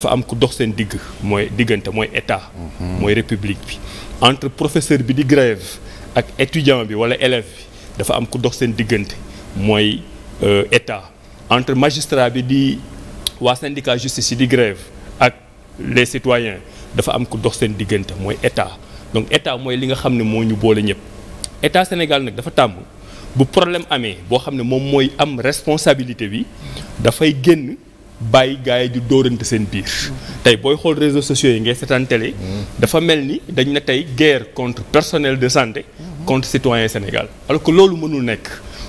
dafa am ku dox seen digg mooy diggante mooy état. Mhm. mooy république bi entre professeur bi di grève ak étudiant bi wala élève bi dafa am ku dox seen diggante mooy euh, état entre magistrat bi di waa syndicat justice yi ak les citoyens dafa am ku dox diggante mooy état donc état mooy li nga xam ne moo ñu boole ñëpp état Sénégal nag dafa tàmm bu problème amee boo xam ne moom mooy am responsabilité bi dafay génn. bàyyi gars yi di dóorante seen biir. tey booy xool réseaux sociaux yi ngay seetaan télé. dafa mel ni dañ ne tey guerre contre personnel de santé. contre citoyen Sénégal alors que loolu mënul nekk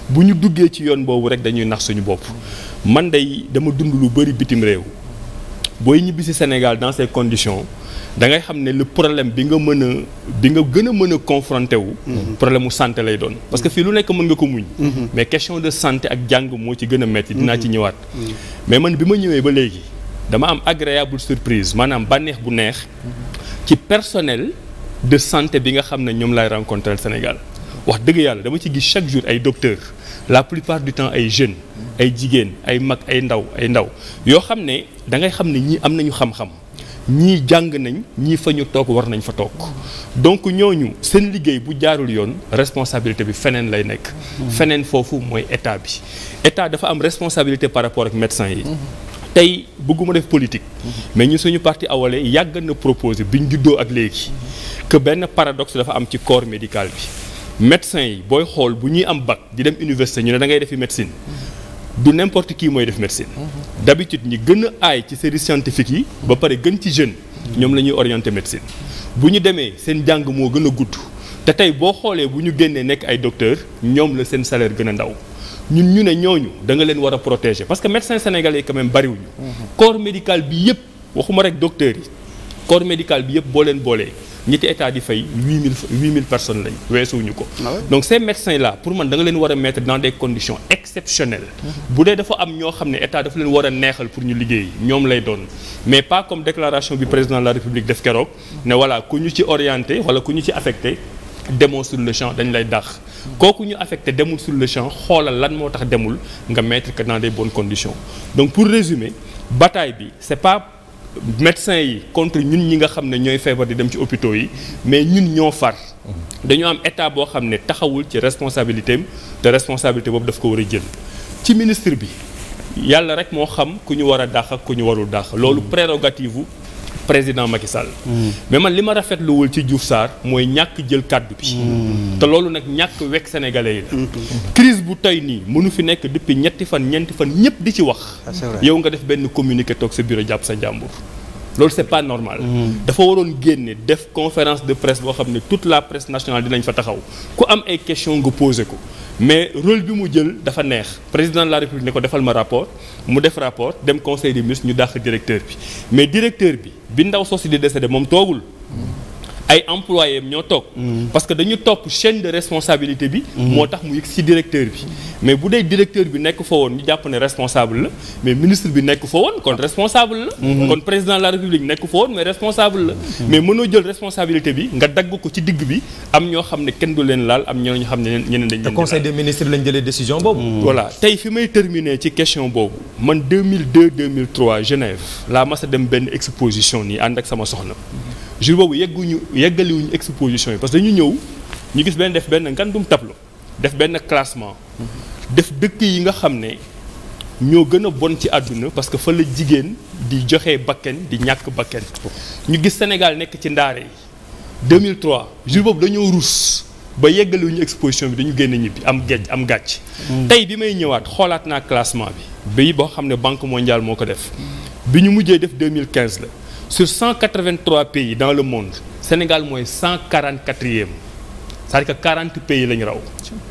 bu ñu duggee ci yoon boobu rek dañuy nax suñu bopp man day dama dund lu bëri bitim réew booy ñibbi si Sénégal dans ces conditions. da ngay xam ne le problème bi nga mën a bi nga gën a mën a confronté wu. Mhm. problème mu santé lay doon. parce que fii lu nekk mën nga ko muñ. Mhm. mais question de santé ak jàng moo ci gën a metti dinaa mhm. ci ñëwaat. mais man bi ma ñëwee ba léegi dama am agréable surprise maanaam bànneex bu neex ci personnel de santé bi nga xam ne ñoom laay rencontré Sénégal. wax dëgg yàlla dama ci gis chaque jour ay docteurs la plupart du temps ay jeunes ay jigéen ay mag ay ndaw ay ndaw yoo xam ne da ngay xam ne ñii am nañu xam ñii jàng nañ ñii fa ñu toog war nañ fa toog donc ñooñu seen liggéey bu jaarul yoon responsabilité bi feneen lay nekk. feneen foofu mooy état bi état dafa am responsabilité par rapport ak médecin yi. tey bëgguma def politique. mais ñu suñu parti Awalé yàgg na proposé bi ñu juddoo ak léegi. que benn paradoxe dafa am ci corps médical bi. médecin yi booy xool bu ñuy am bac di dem université ñu ne da ngay defi médecine. du n'importe kii mooy def médecine d'habitude ñi gën a aay ci série scientifique yi ba pare gën ci jeune ñoom la ñuy orienté médecine bu ñu demee seen jàng moo gën a gudd te tey boo xoolee bu ñu génnee nekk ay docteur ñoom la seen salaire gën a ndaw ñun ñu ne ñooñu da nga leen war a protéger parce que médecins sénégalais quand même bariwuñu mhm. corps médical bi yëpp waxuma rek docteurs yi corps médical bi yëpp boo leen boolee ñetti état di fay huit mille huit mille personnes lañ weesuwuñu ko ah donc ces médecins là pour man da nga leen war a mettre dans des conditions exceptionnelles mm-hmm. bu dee dafa am ñoo xam ne état dafa leen war a neexal pour ñu liggéey ñoom lay doon mais pas comme déclaration bi président de la république def keroog mm-hmm. ne voilà ku ñu ci orienté wala ku ñu ci affecté demoo sur le champ dañ lay dàq mm-hmm. kooku ñu affecté demul sur le xoolal lan moo tax demul nga mettre que dans des bonnes conditions médecins yi contre ñun ñi nga xam ne ñooy feebar di dem ci hôpitaux yi mais ñun ñoo far dañu am état boo xam ne taxawul ci responsabilité am te responsabilité boobu daf ko war a jël ci ministre bi yàlla rek moo xam ku ñu war a dàq ak ku ñu warul dàq loolu prérogative président Macky Sall. Mm. mais man li ma rafetluwul ci Diouf Sarr mooy ñàkk jël kàddu bi. Mm. te loolu nag ñàkk wekk sénégalais yi la. crise bu tey nii mënu fi nekk depuis ñetti fan ñeenti fan ñëpp di ci wax. Ah, yow nga def benn communiqué toog sa bureau jàpp sa njàmbur. loolu c'est pas normal. Mm. dafa waroon génne def conférence de presse boo xam ne toute la presse nationale dinañ fa taxaw ku am ay question nga posé ko. mais rôle bi mu jël dafa neex président la république ne ko defal ma rapport mu def rapport dem conseil des ministres ñu dàq directeur bi mais directeur bi bi ndaw sosi di dese de moom toogul ay employés ñoo toog. Mm. parce que dañu topp chaîne de responsabilité bi. Mm. moo tax mu yëg ci directeur bi. mais bu dee directeur bi nekk fa woon ñu jàpp ne responsable la mais ministre bi nekk fa woon kon responsable la. Mm-hmm. kon président de la république nekk fa woon mais responsable la. Mm-hmm. mais mënoo jël responsabilité bi dagg ko ci digg bi am ñoo xam ne kenn du leen laal am ñoo xam ne ñeneen dañ leen conseil des ministres lañ jëlee décision boobu. Mm. voilà tey fi may terminer ci question boobu man 2002 2003 Genève laa mas a dem benn exposition nii ànd ak sama soxna. jour boobu yegguñu yeggaliwuñu exposition yi parce que dañu ñëw ñu gis benn def benn ngandum tableau def benn classement def dëkk yi nga xam ne ñoo gën a bon ci àdduna parce que fa la jigéen di joxe bakken di ñàkk bakken ñu gis Sénégal nekk ci ndaare yi 2003 jour boobu dañoo rus ba yeggaliwuñu exposition bi dañu génn ñibbi am gejj am gàcc mm. tey bi may ñëwaat xoolaat naa classement bi ba boo xam ne banque mondiale moo ko def bi ñu mujjee def 2015 la sur 183 pays dans le monde Sénégal mooy cent quarante cest c'est-à-dire que 40 pays la ñu raw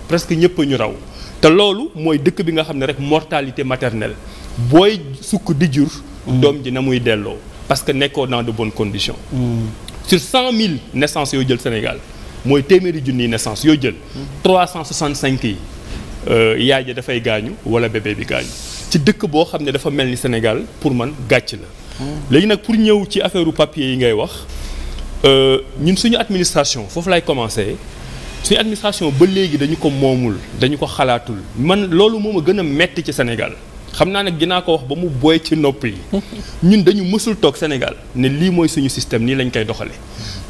presque ñëpp ñu raw te loolu mooy dëkk bi nga xam ne rek mortalité maternelle booy sukk di jur mm. doom ji na muy delloo parce que nekkoo dans de bonnes conditions mm. sur 100 000 naissances yoo jël Sénégal mooy téeméeri junniy naissance yoo jël cent cinq yi euh, yaay ja dafay gaañu wala bébé bi gaañu ci dëkk boo xam ne dafa mel ni Sénégal pour man gàcc la léegi nag pour ñëw ci affaire papier yi ngay wax euh, ñun suñu administration foofu lay commencé suñu administration ba léegi dañu ko moomul dañu ko xalaatul man loolu moom a gën a metti ci Sénégal xam naa nag dinaa ko wax ba mu booy ci nopp yi ñun dañu mësul toog Sénégal ne lii mooy suñu système nii lañ koy doxale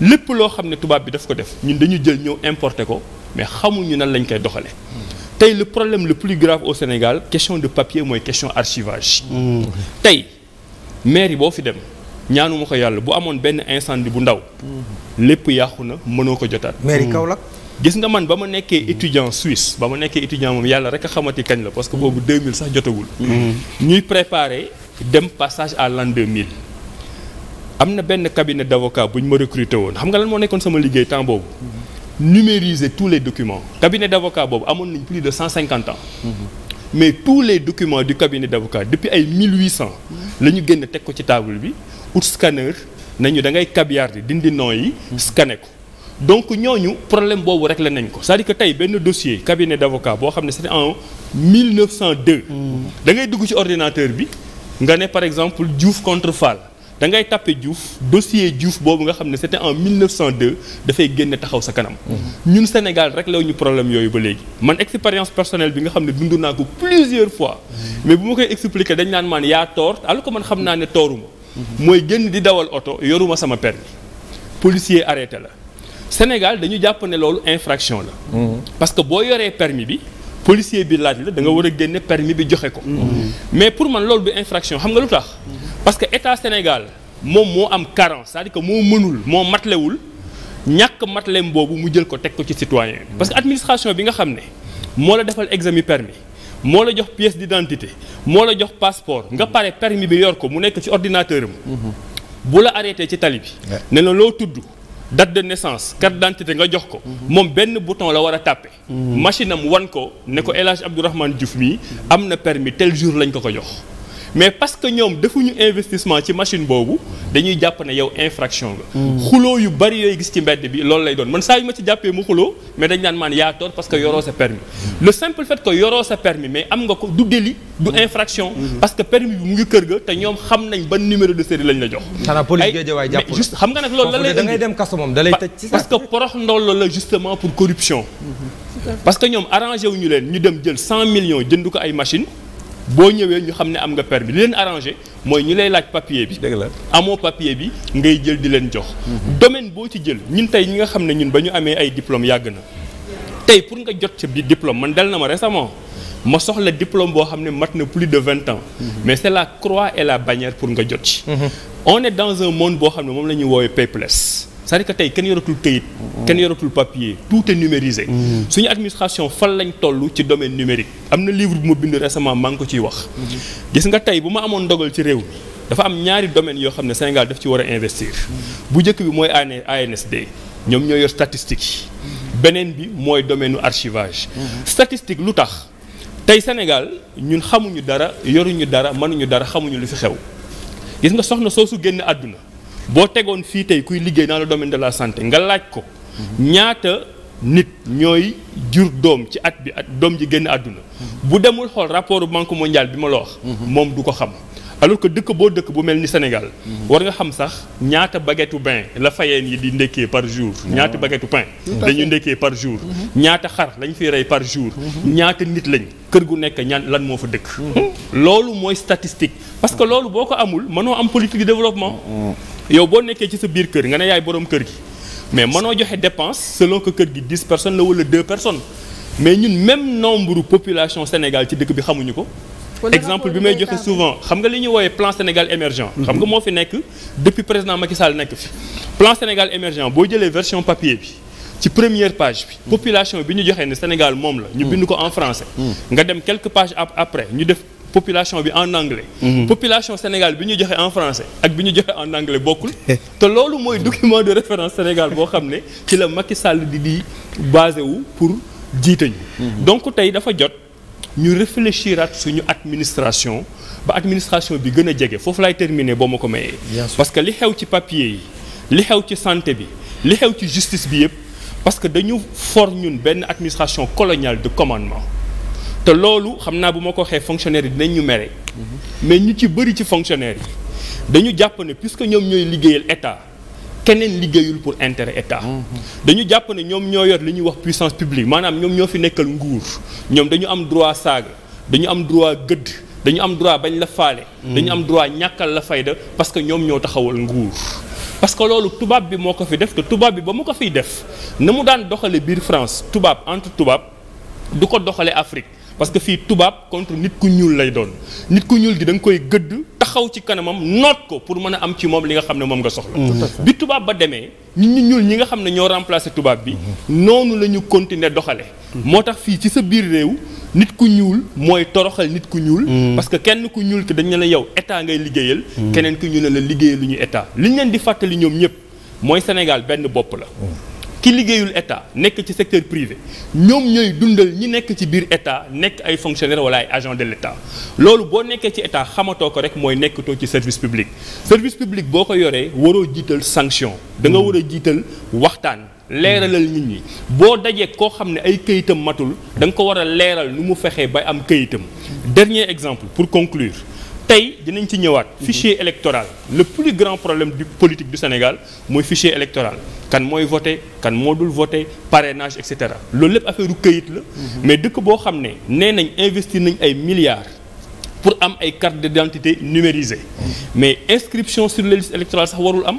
lépp loo xam ne tubaab bi daf ko def ñun dañu jël ñëw importé ko mais xamuñu nan lañ koy doxale tey le problème le plus grave au Sénégal question de papier mooy question archivage mmh. tey maire yi boo fi dem ñaanu ñaanuma ko yàlla bu amoon benn incendie bu ndaw lépp yàqu na mënoo ko jotaat. maire yi Kaolack gis nga man ba ma nekkee étudiant suisse ba ma nekkee étudiant moom yàlla rek a xamati kañ la parce que boobu 2000 sax jotagul. ñuy préparer dem passage à l'an 2000. am na benn cabinet d'avocat bu ñu ma recruter woon xam nga lan moo nekkoon sama liggéey temps boobu. numériser tous les documents. cabinet d'avocat boobu amoon nañ plus de 150 ans. mais tous les documents du cabinet d'avocat depuis ay 1800 la ñu génn teg ko ci table bi ut scanner nañu da ngay cabillarder dindi noo yi scanner ko donc ñooñu problème boobu rek la nañ ko c'est-à-dire que tey benn dossier cabinet d'avocat boo xam ne c'était en 1902 mm. da ngay dugg ci ordinateur bi nga ne par exemple Diouf contre Fall da ngay tàppe Diouf dossier Diouf boobu nga xam ne c'était en 1902 dafay génne taxaw sa kanam. Mhm. ñun Sénégal rek la ñu problème yooyu ba léegi. man expérience personnel bi nga xam ne dund naa ko plusieurs fois. Mhm. mais bu ma koy expliquer dañ naan maan yaa toor alors que man xam naa ne tooruma. Mhm. mooy génn di dawal oto yoruma sama permis policier arrêté la Sénégal dañu jàpp ne loolu infraction la. parce que boo yoree permis bi. policier bi laaj la da nga war a génne permis bi joxe ko. mais pour man loolu du infraction xam nga lu tax. parce que état Sénégal moom moo am carence cest à ko moo mënul moo matlewul ñàkk matlem boobu mu jël ko teg ko ci citoyen parce que administration bi nga xam ne moo la defal examen permis moo la jox pièce d'identité moo la jox passeport nga pare permis bi yor ko mu nekk ci ordinateur am. Mhm. bu la arrêté ci tali bi. ne na loo tudd. date de naissance carte d'identité nga jox ko. moom benn bouton la war a tàppe. Mm-hmm. machine am wan ko ne ko El Hadj Abdourahmane Diouf mii am na permis tel jour lañ ko ko jox. mais parce que ñoom defuñu investissement ci machine boobu dañuy jàpp ne yow infraction nga. xuloo yu bari yooyu gis ci mbedd bi loolu lay doon man saa yu ma ci jàppee mu xuloo mais dañ naan maan yaa tort parce que yoroo sa permis le simple fait que yoroo sa permis mais am nga ko du délit du infraction. parce que permis bi mu ngi kër ga te ñoom xam nañ ban numéro de série lañ la jox. xanaa xam nga nag loolu la lay da ngay dem kaso moom da lay tëj ci parce que porox ndollo la justement ñu dem jël 100 millions jënd ko ay machines boo ñëwee ñu xam ne am nga permis li leen arrangé mooy ñu lay laaj papier bi. dëgg la amoo papier bi ngay jël di leen jox. Mhm. domaine boo ci jël ñun tey ñi nga xam ne ñun ba ñu amee ay diplôme yàgg na tey pour nga jot ci bi diplôme man dal na ma récemment. ma soxla diplôme boo xam ne mat na plus de vingt ans. Mhm. mais c' la croix et la bannière pour nga jot ci. Mhm. on est dans un monde boo xam ne moom la ñuy woowee paperless cest à tey kenn yoratul këyit. kenn yoratul papier tout est numérisé. Mm-hmm. suñu administration fan lañ toll ci domaine numérique am na livre bu ma bind récemment maa ngi ko ciy wax. Mm-hmm. gis nga tey bu ma amoon ndogal ci réew mi dafa am ñaari domaines yoo xam ne Sénégal daf ci war a investir. Mm-hmm. bu njëkk bi mooy ANSD ñoom ñoo yor statistique beneen bi mooy domaine nu archivage. statistique lu tax tey Sénégal ñun xamuñu dara yoruñu dara mënuñu dara xamuñu lu fi xew gis nga soxna soosu génn àdduna. boo tegoon fii tey kuy liggéey dans la domaine de la santé nga laaj ko ñaata nit ñooy jur doom ci at bi at doom ji génn àdduna bu demul xool rapport banque mondiale bi ma la wax moom du ko xam alors que dëkk boo dëkk bu mel ni Sénégal war nga xam sax ñaata baguette u la fayeen yi di ndekkee par jour ñaata baguette u pain dañu ndekkee par jour mhm. ñaata xar lañu fiy rey par jour mhm. ñaata nit lañ kër gu nekk ñaan lan moo fa dëkk mhm. loolu mooy statistique parce que loolu boo ko amul mënoo am politique développement yow boo nekkee ci sa biir kër nga ne yaay borom kër gi mais mënoo joxe dépense selon que kër gi dix personnes la wala deux personnes mais ñun même nombre population Sénégal ci dëkk bi xamuñu ko. exemple bi may joxe souvent xam nga li ñuy woowee plan Sénégal émergent. Mhm. xam nga moo fi nekk depuis président Macky Sall nekk fi. plan Sénégal émergent boo jëlee version papier bi ci première page bi. population bi ñu joxee ne Sénégal moom la. ñu mhm. bind ko en français. Mhm. nga dem quelques pages après ñu def. population bi en anglais. Mhm. population Sénégal bi ñu joxe en français ak bi ñu joxee en anglais bokkul. te loolu mooy document de référence Sénégal boo xam ne ci la Macky Sall di di basé wu pour jiite ñu. Mhm. donc tey dafa jot ñu réfléchiraat suñu administration ba administration bi gën a jege foofu laay terminer boo ma ko mayee. parce que li xew ci papier yi li xew ci santé bi li xew ci justice bi yëpp parce que dañu for ñun benn administration coloniale de commandement. te loolu xam naa bu ma ko waxee fonctionnaire yi dinañ ñu mere. mais ñu ci bëri ci fonctionnaire dañu jàpp ne que ñoom ñooy liggéeyal état keneen liggéeyul pour intérêt état. dañu jàpp ne ñoom ñoo yor li ñuy wax puissance publique maanaam ñoom ñoo fi nekkal nguur ñoom dañu am droit saaga dañu am droit gëdd dañu am droit bañ la faale. dañu am droit ñàkkal la fayda parce que ñoom ñoo taxawal nguur. parce que loolu tubaab bi moo ko fi def te tubaab bi ba mu ko fiy def na mu daan doxale biir France tubaab entre du ko doxale Afrique. parce que fii tubaab contre nit ku ñuul lay doon nit ku ñuul gi danga koy gëdd taxaw ci kanamam noot ko pour mën a am ci moom li nga xam ne moom nga soxla bi tubaab ba demee ñun ñu ñuul ñi nga xam ne ñoo remplacé tubaab bi noonu la ñu continuer doxale moo tax fii ci sa biir réew nit ku ñuul mooy toroxal nit ku ñuul mm. parce que kenn ku ñuul ki dañ ne la yow état ngay liggéeyal mm. keneen ki ñu ne la liggéeyal lu ñu état ñu leen di fàttali ñoom ñëpp mooy Sénégal benn bopp la mm. ki liggéeyul état nekk ci secteur privé ñoom ñooy dundal ñi nekk ci biir état nekk ay fonctionnaire wala ay agent de l' loolu boo nekkee ci état xamatoo ko rek mooy nekkatoo ci service public service public boo ko yoree waroo jiital sanction da nga hmm. war a jiital waxtaan leeralal nit ñi boo dajee koo xam ne ay këyitam matul da nga ko war a leeral nu mu fexee bay am këyitam dernier exemple pour conclure tey dinañ ci ñëwaat. Mhm. fichier électoral le plus grand problème du politique du Sénégal mooy fichier électoral kan mooy voté kan moo dul voté parrainage et cetera loolu lépp affaire u këyit la. Mhm. mais dëkk boo xam ne nee nañ investir nañ ay milliards. pour am ay carte d'identité numérisée mhm. mais inscription sur les listes sax warul am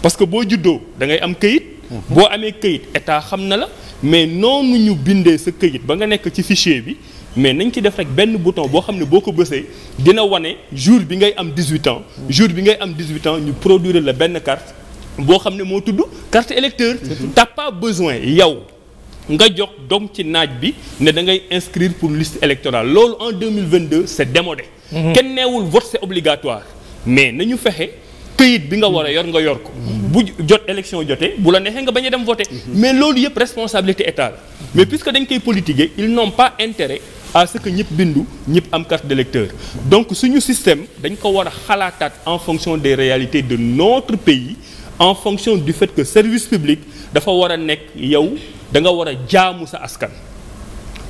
parce que boo juddoo da ngay am këyit. boo amee këyit état xam na la mais noonu ñu bindee sa këyit ba nga nekk ci fichier bi. mais nañ ci def rek benn bouton boo xam ne boo ko bësee dina wane jour bi ngay am 18 ans. jour bi ngay am 18 ans ñu produire la benn carte boo xam ne moo tudd carte électeur t'as pas besoin yow. nga jox doom ci naaj bi ne da ngay inscrire pour liste électorale loolu en 2022 c'est démodé. Mhm. kenn neewul vote c'est obligatoire mais nañu fexe këyit bi nga war a yor nga yor ko. Mhm. bu jot élection jote bu la neexee nga bañ a dem voter. Mhm. mais loolu yëpp responsabilité état la mais puisque dañ koy politiquer ils pas intérêt. à ce que ñëpp bindu ñëpp am carte d'électeur donc suñu système dañ ko war a xalaataat en fonction des réalités de notre pays en fonction du fait que service public dafa war a nekk yow da nga war a jaamu sa askan.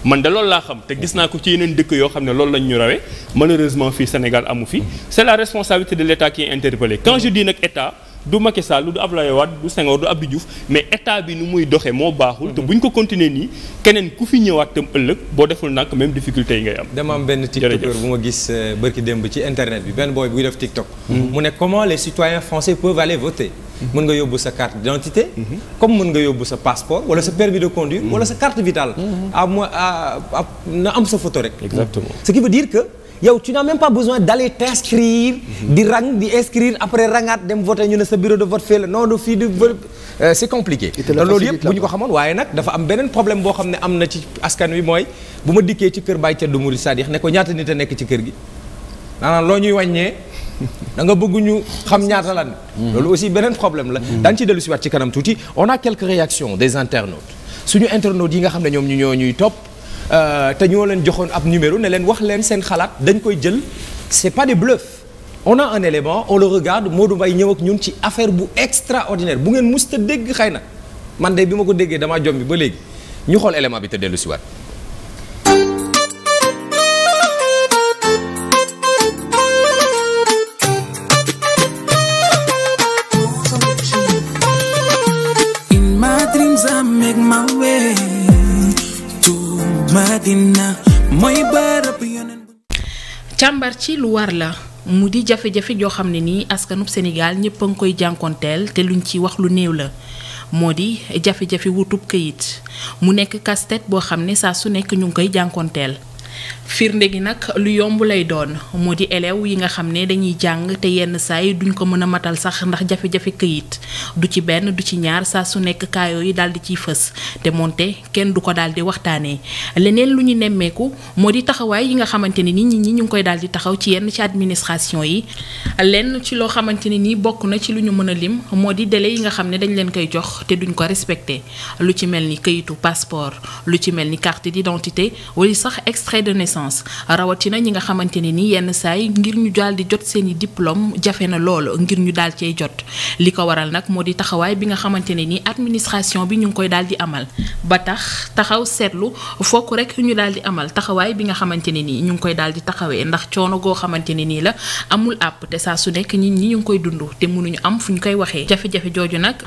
man de lool laa xam te gis naa ko ci yeneen dëkk yoo xam ne loolu lañ ñu rawee malheureusement fii Sénégal amu fi c'est la responsabilité de l'État qui est interpellée quand je dis nag État. du Macky Sall du Abdoulaye Wade du Senghor du Abdou Diouf mais état bi nu muy doxee moo baaxul. te mhm. buñ ko continuer nii keneen ku fi ñëwaat tam ëllëg boo deful nag même difficulté yi ngay am. dama am benn tiktoker bu ma gis euh, bërki démb ci internet bi benn booy buy def tiktok. Mhm. mu ne comment les citoyens français peuvent aller voter. Mhm. mën nga yóbbu sa carte d'identité comme mën nga yóbbu sa passeport wala sa permis de conduire. wala sa carte vitale. à moins na am sa photo rek. exactement yow tu n'as même pas besoin dalee t'inscrire di rang di inscrire après rangaat dem voter ñu ne sa bureau de vote fii la non du fii du euh, c'est compliqué loolu yëpp bu ñu ko xamoon waaye nag dafa am beneen problème boo xam ne am na ci askan wi mooy bu ma dikkee ci kër Baye Thierno Mouride Sadikh ne ko ñaata nit a nekk ci kër gi maanaam loo ñuy wàññee da nga bëgg ñu xam ñaata lan hmm. loolu aussi beneen problème la hmm. daan ci dellu si waat ci kanam tuuti on a quelques réactions des internautes suñu internautes yi nga xam ne ñoom ñu ñoo ñuy topp Euh, te ñoo leen joxoon ab numéro ne leen wax leen seen xalaat dañ koy jël c'est pas des bluffs on a un élément on le regarde Modou Mbaye ñëw ak ñun ci affaire bu extraordinaire bu ngeen musta dégg xëy na man de bi ma ko déggee damaa jom bi ba léegi ñu xool élément bi te dellu si ci lu war la mu di jafe-jafe joo xam ne nii askanub Sénégal ñëpp a ngi koy jànkoonteel te lu luñ ci wax lu néew la moo di jafe-jafe wutub këyit mu nekk casse boo xam ne saa su nekk ñu ngi koy jànkoonteel firnde gi nag lu yomb lay doon moo di élèves yi nga xam ne dañuy jàng te yenn saa yi duñ ko mën a matal sax ndax jafe-jafe këyit du ci benn du ci ñaar saa su nekk kaa yi daal di ciy fës te te kenn du ko daal di waxtaanee leneen lu ñu nemmeeku moo di taxawaay yi nga xamante ne ni nit ñi ñu ngi koy daal di taxaw ci yenn ci administration yi lenn ci loo xamante ni nii bokk na ci lu ñu mën a lim moo di délai yi nga xam ne dañ leen koy jox te duñ ko respecté lu ci mel ni këyitu passeport lu ci mel ni carte d'identité renaissance rawatina ñi nga xamante ne ni yenn saay ngir ñu daal di jot seen i diplôme jafe na lool ngir ñu daal cey jot li ko waral nag moo di taxawaay bi nga xamante ne ni administration bi ñu ngi koy daal di amal ba tax taxaw seetlu fokk rek ñu daal di amal taxawaay bi nga xamante ne nii ñu ngi koy daal di taxawee ndax coono goo xamante ne nii la amul àpp te saa su nekk nit ñi ñu ngi koy dund te mënuñu am fu ñu koy waxee jafe-jafe jooju nag